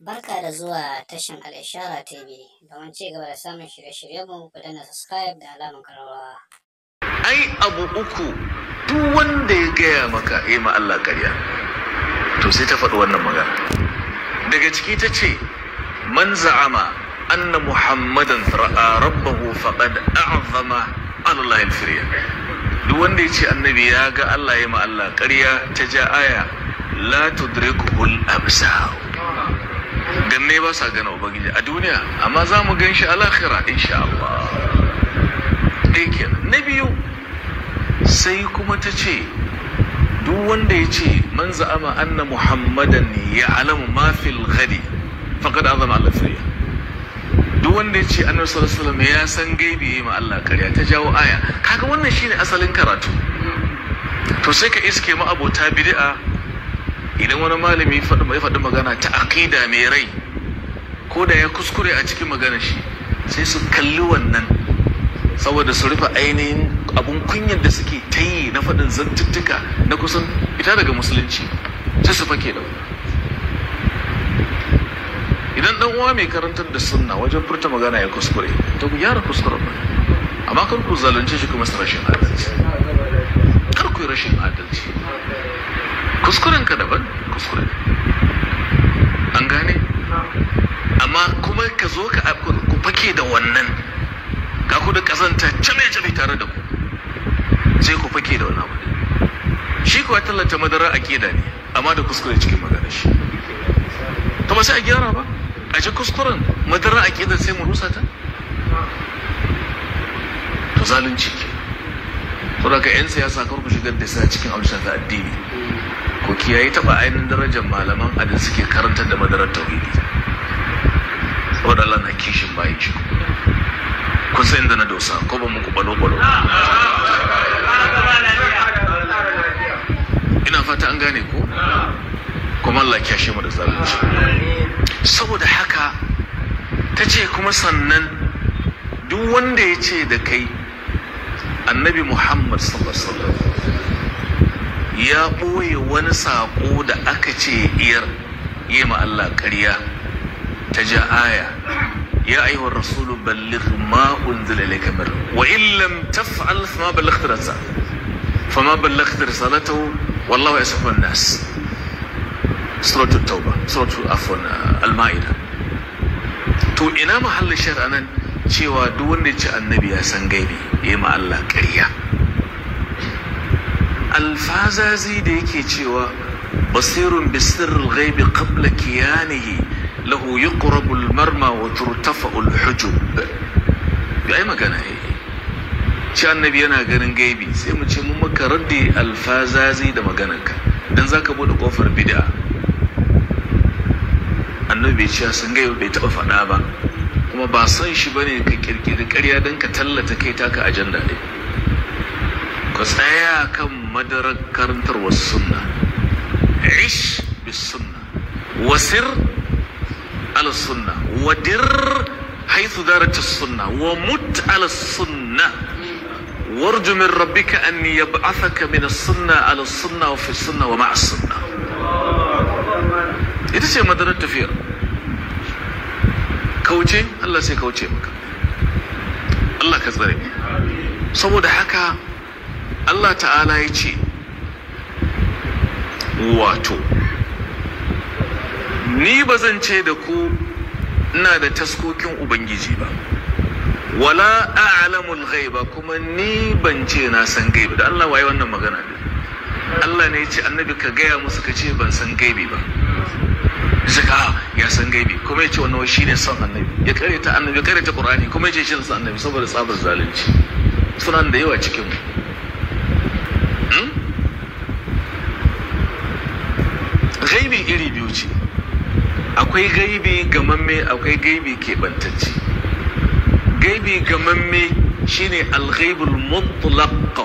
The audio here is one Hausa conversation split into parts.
Barka da zuwa tashin Al'ishara TV domin ci gaba da samun shirye-shiryenmu ku danna subscribe da alamun karawa. Ai abu uku duk wanda ya gaya maka ya eh ma Allah karya to sai ta faɗi wannan magana. Daga ciki ta ce man za'ama anna Muhammadan ra'a rabbahu faqad a'zama Allah al-firya. Duk wanda ya ce annabi ya ga Allah ya ma Allah ƙarya ta ja aya la tudrikuhul absar. ganne ba sa gana ubangiji a duniya amma za mu gan shi a lahira insha Allah na biyu sai kuma ta ce duk wanda ya ce man za'ama anna muhammadan ya alamu ma fil ghadi faqad azama Allah duk wanda ya ce annabi sallallahu alaihi ya san gaibi ya ma Allah kariya ta jawo aya kaga wannan shine asalin karatu to sai ka iske ma abota bid'a idan wani malami ya faɗi magana ta aƙida mai rai ko da ya kuskure a cikin magana shi sai su kalli wannan saboda su rufe ainihin abun kunyar da suke ta yi na faɗin zantuttuka na kusan ita daga musulunci sai su fake da idan ɗan uwa mai karantar da sunna wajen furta magana ya kuskure to ku gyara kuskuren ba amma kar ku zalunce shi kuma rashin adalci kar ku rashin adalci kuskuren ka daban kuskure an gane amma kuma ka zo ka ku fake da wannan ka ku da kazanta cime cime tare da ku sai ku fake da wannan abu shi kuwa tallata madara a keda ne amma da kuskure cikin magana shi to ba sai a gyara ba a ji kuskuren madara a keda sai mu rusa ta to zalunci ke kuma ka 'yan siyasa kar ku shigar da sa cikin abin shafi addini ku kiyaye taɓa ainihin darajar malaman adin suke karanta da madarar tauhidi saboda Allah na kishin bayan shi kun san inda na dosa ko ba muku balo balo ina fata an gane ko kuma Allah shi mu da zalunci saboda haka ta ce kuma sannan duk wanda ya ce da kai annabi Muhammad sallallahu alaihi wasallam ya ɓoye wani saƙo da aka ce iyar yi ma Allah ƙarya ta ja aya ya ayyuha rasulu balligh ma unzila ilayka min wa in lam taf'al fama ballaghta risalata fama ballaghta risalatahu wallahu yasfu an-nas suratul tauba suratul afwan uh, al-ma'ida to ina mahallin shar'anan cewa duk wanda ya ci annabi ya san gaibi ya ma Allah ƙarya alfazazi da yake cewa basirun bisirril ghaibi qabla kiyanihi lahu yuqrabu almarma wa turtafa'u alhujub yi magana eh. shi annabi yana ganin gaibi sai mu ce mun maka raddi alfazazi da maganarka dan ka buɗe ƙofar bid'a annabi ce sun gaibi bai taba faɗa ba kuma ba san shi ba ne ka kirkiri ƙarya dan ka tallata kai taka ajanda ne ka tsaya kan madarar karantarwar sunna ish bis sunna wasir ala sunna wadir حيث دارت السنة ومت على السنة وارجو من ربك أن يبعثك من السنة على السنة وفي السنة ومع السنة ita ce madarar tafiyar kauce Allah sai kauce maka Allah ka tsare saboda haka Allah ta'ala ya ce wato ni ba zan ce da ku ina da taskokin ubangiji ba wala a'lamul ba kuma ni ban ce na san gaibi da Allah waye wannan magana ne Allah ne ya ce annabi ka gaya musu ka ce ban san gaibi ba zaka ah, ya san gaibi kuma ya ce wannan shi ne son annabi ya kare ta annabi ya kare ta kurani kuma ya ce shi ne son annabi saboda tsabar zalunci sunan da yawa cikin mu gaibi iri biyu ce akwai gaibi gamamme akwai gaibi keɓantacce gaibi gamamme shine alghaibul mutlaq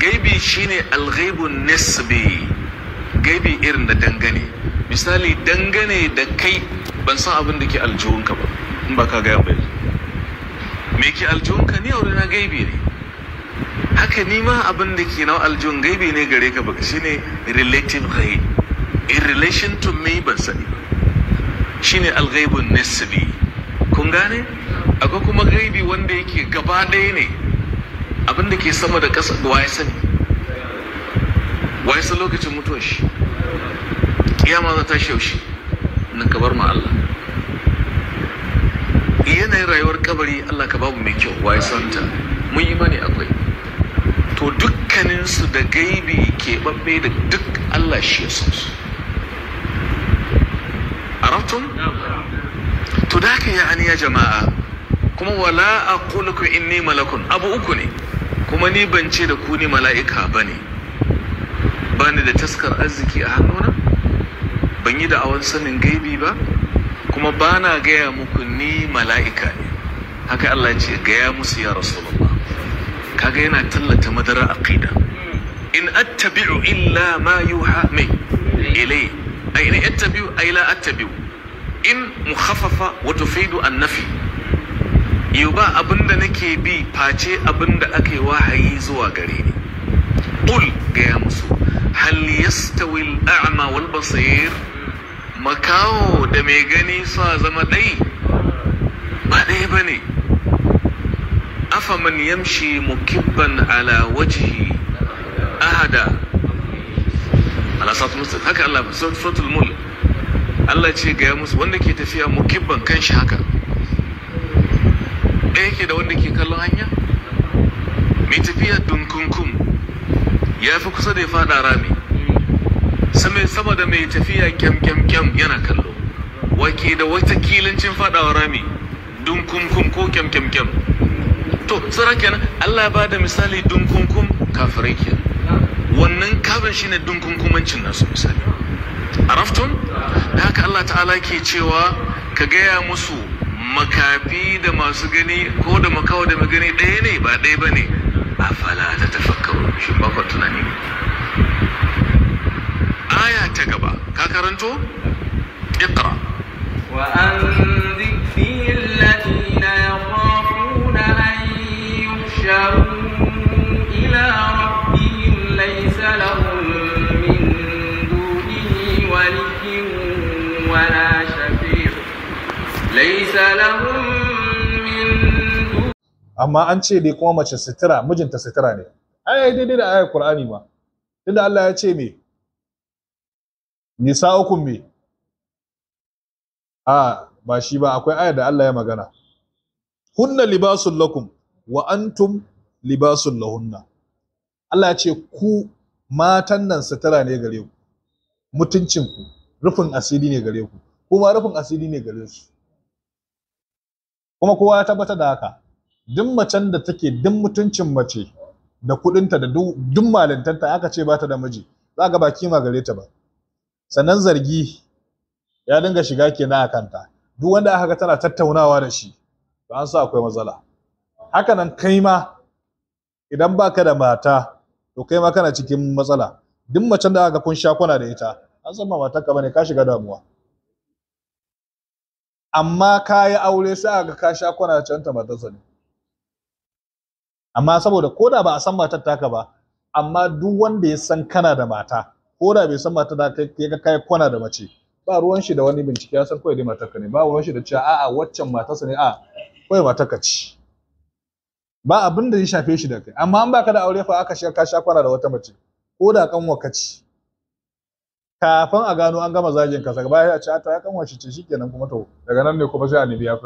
gaibi shine alghaibun nisbi gaibi irin da dangane misali dangane da kai ban san abin da ke aljihunka ba in ba ka gaya bai me ke aljihunka ni aure na gaibi ne haka nima abin da ke nau aljihun gaibi ne gare ka baka shine relative ghaib in relation to me ban sani ba shine alghaibun nisbi kun gane akwai kuma gaibi wanda yake gaba ɗaya ne abin da ke sama da ƙasa da waye sani waye sa lokacin mutuwar shi kiyama za ta shi nan ka bar ma Allah yanayin rayuwar kabari Allah ka babu mai kyau waye santa mun yi mani akwai to dukkaninsu da gaibi keɓaɓɓe da duk Allah shi ya san su to da haka ya ya jama'a kuma wala a in inni malakun abu uku ne kuma ni ban ce da ku ni mala'ika ba ne ba ni da taskar arziki a hannuna ban yi awon sanin gaibi ba kuma ba na gaya muku ni mala'ika ne haka Allah ce gaya musu ya rasulun kaga yana tallata madara aqida in attabi'u illa ma yuha mai ilai ai in attabi'u ai la attabi'u in mukhaffafa wa tufidu an-nafi yau ba abinda nake bi face abinda aka wahayi zuwa gare ni qul gaya musu hal yastawi al-a'ma wal basir makawo da mai gani sa zama dai ba dai bane أفمن يمشي مكبا على ala أهدى على صوت مسلم هكا haka, صوت صوت الملك Allah ce ga musu wanda ke tafiya mukibban kan shi haka ɗaya yake da wanda ke kallon hanya mai tafiya dunkunkun ya fi kusa da ya fada rami sama sama da mai tafiya kyam kyam kyam yana kallo wake da wata kilincin fadawa rami dunkunkun ko kyam kyam kyam to tsara kenan Allah ba da misali dunkunkun kafirai ke, wannan kafin shine dunkunkumancin nasu misali araftun da haka Allah ta'ala ke cewa ka gaya musu makafi da masu gani ko da makawa da magani ɗaya ne ba ɗaya ba ne a fala ta tafakkaru shi ba tunani ne aya ta gaba ka karanto ikra. wa anzik fi amma an ce dai kuma mace sitira mijinta sitira ne ai daidai da ayar Qur'ani ma tunda Allah ya ce me nisa'ukum me a ba shi ba akwai ayar da Allah ya magana hunna libasul lakum wa antum libasul lahunna Allah ya ce ku matan nan sutura ne gare ku mutuncin ku rufin asiri ne gare ku kuma rufin asiri ne gare su kuma kowa ya tabbata da haka duk macen da take duk mutuncin mace da kudinta da duk malintanta aka ce bata da miji za ga baki ma gare ta ba sannan zargi ya dinga shiga kenan a kanta duk wanda aka ga tana tattaunawa da shi to an sa akwai matsala haka nan kai ma idan baka da mata to kai ma kana cikin matsala duk macen da aka kun sha kwana da ita an san mata ka bane ka shiga damuwa amma ka yi aure sai aka ka sha kwana da canta matarsa ne amma saboda ko da ba a san matar taka ba amma duk wanda ya san kana da mata ko da bai san matar da kai ka kai kwana da mace ba ruwan shi da wani bincike ya san kawai dai matarka ne ba ruwan shi da cewa a'a waccan matarsa ne a kawai matarka ce ba abin da ya shafe shi da kai amma an baka da aure fa aka shiga ka kwana da wata mace ko da kan wakaci kafin a gano an gama zagin ka saka bayan a ce ah, ta ya kan shi ce shikenan kuma to daga nan ne kuma sai a nibi ya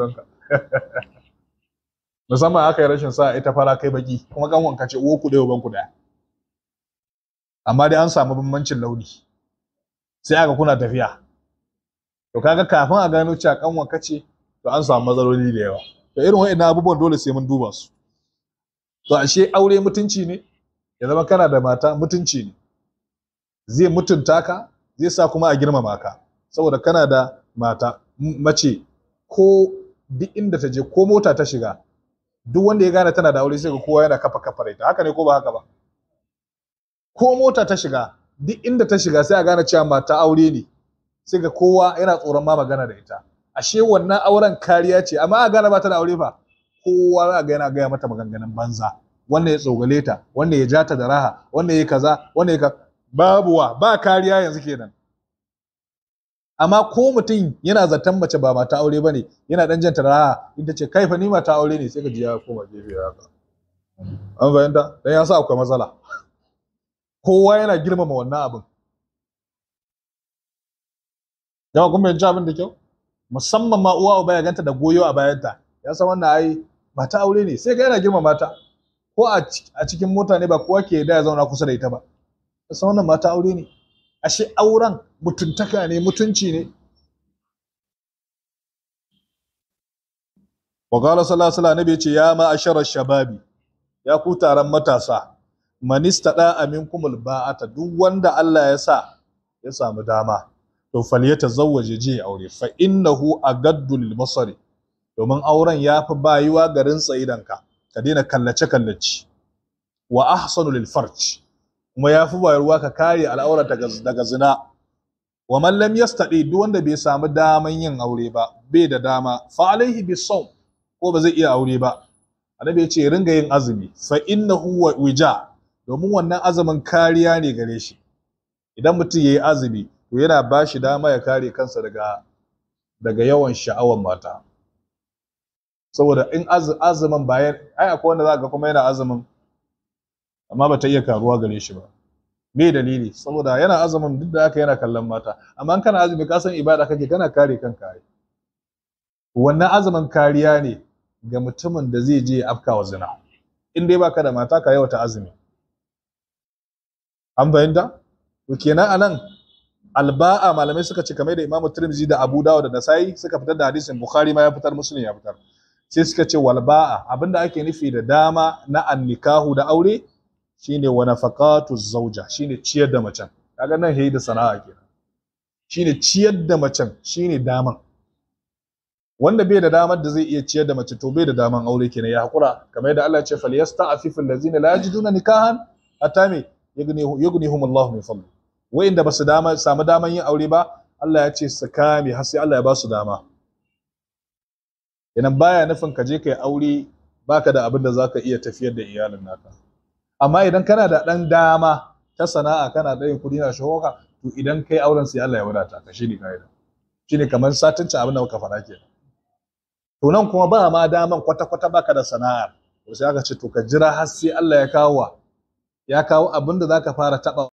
musamman aka yi rashin sa ita fara kai baki kuma kan wanka ce uwo ku ɗaya ku da amma dai an samu bambancin launi sai aka kuna tafiya to kaga kafin a gano cewa kan wanka ce to an samu matsaloli da yawa to irin wa'annan abubuwan dole sai mun duba su to ashe aure mutunci ne ya zama kana da mata mutunci ne zai mutunta ka zai sa kuma a girmama ka saboda kana da mata mace ko duk inda ta je ko mota ta shiga duk wanda ya gane tana da aure sai ga kowa yana kafa kafa ita haka ne ko ba haka ba ko mota ta shiga duk inda ta shiga sai a gane cewa mata aure ne sai ga kowa yana tsoron ma magana da ita ashe wannan auren kariya ce amma a gane ba ta da aure ba. kowa za ga yana gaya mata maganganun banza wanda ya tsogale ta wanda ya ja ta da raha wanda ya kaza wanda ya babu wa ba kariya yanzu kenan amma ko mutum yana zaton mace ba mata aure bane yana dan janta da raha in ta ce kai fa ni mata aure ne sai ka ji ya koma gefe ya haka an fahimta dan ya sa akwai matsala kowa yana girmama wannan abin yawa kun fahimci abin da kyau musamman ma uwa uba ya ganta da goyo a bayanta ya san wannan ai mata aure ne sai ga yana girmama mata. ko a cikin mota ne ba kowa ke da ya zauna kusa da ita ba san wannan mata aure ne ashe auren mutuntaka ne mutunci ne wa qala sallallahu alaihi wasallam ce ya ma ashara shababi ya ku taron matasa manista da aminkumul ba'ata duk wanda Allah ya sa ya samu dama to zawwaje je aure fa innahu agaddu lil domin auren ya fi bayuwa garin rintsa ka daina kallace-kallace wa ahsanu lil farj kuma ya fi bayarwa ka kare al'aura daga zina wa man lam yastadi duk wanda bai samu daman yin aure ba bai da dama fa alaihi son ko ba zai iya aure ba annabi ya ce ringa yin azumi fa innahu wa wija domin wannan azumin kariya ne gare shi idan mutum yayi azumi to yana ba shi dama ya kare kansa daga yawan sha'awar mata saboda in azumin bayan ai akwai wanda za ga kuma yana azumin amma ba ta iya karuwa gare shi ba me dalili saboda yana azumin duk da haka yana kallon mata amma in kana azumi ka san ibada kake kana kare kanka ai wannan azumin kariya ne ga mutumin da zai je afka wa zina in dai baka da mata ka ta azumi an fahimta to kenan anan alba'a malamai suka ce kamar da Imam Tirmidhi da Abu Dawud da Nasa'i suka fitar da hadisin Bukhari ma ya fitar Muslim ya fitar sai suka ce walba'a abinda ake nufi da dama na annikahu da aure shine wa nafaqatu zauja shine ciyar da macen kaga nan hayi da sana'a kenan shine ciyar da macen shine daman wanda bai da damar da zai iya ciyar da mace to bai da daman aure kenan ya hakura kamar yadda Allah ya ce falyasta'afifu allazina la yajiduna nikahan hatta me yughnihum Allahu min fadli inda basu dama samu daman yin aure ba Allah ya ce su kame har sai Allah ya ba su dama Idan baya nufin ka je ka yi aure baka da abin da za ka iya tafiyar da iyalin naka. Amma idan kana da ɗan dama ta sana'a kana yin kuɗi na shahoka to idan kai auren sai Allah ya wadata ka shine kaida. Shine kamar satincin abin da muka fara ke? To nan kuma ba ma daman kwata-kwata baka da sana'a To sai aka ce to ka jira har sai Allah ya kawo ya kawo abin da za fara taɓa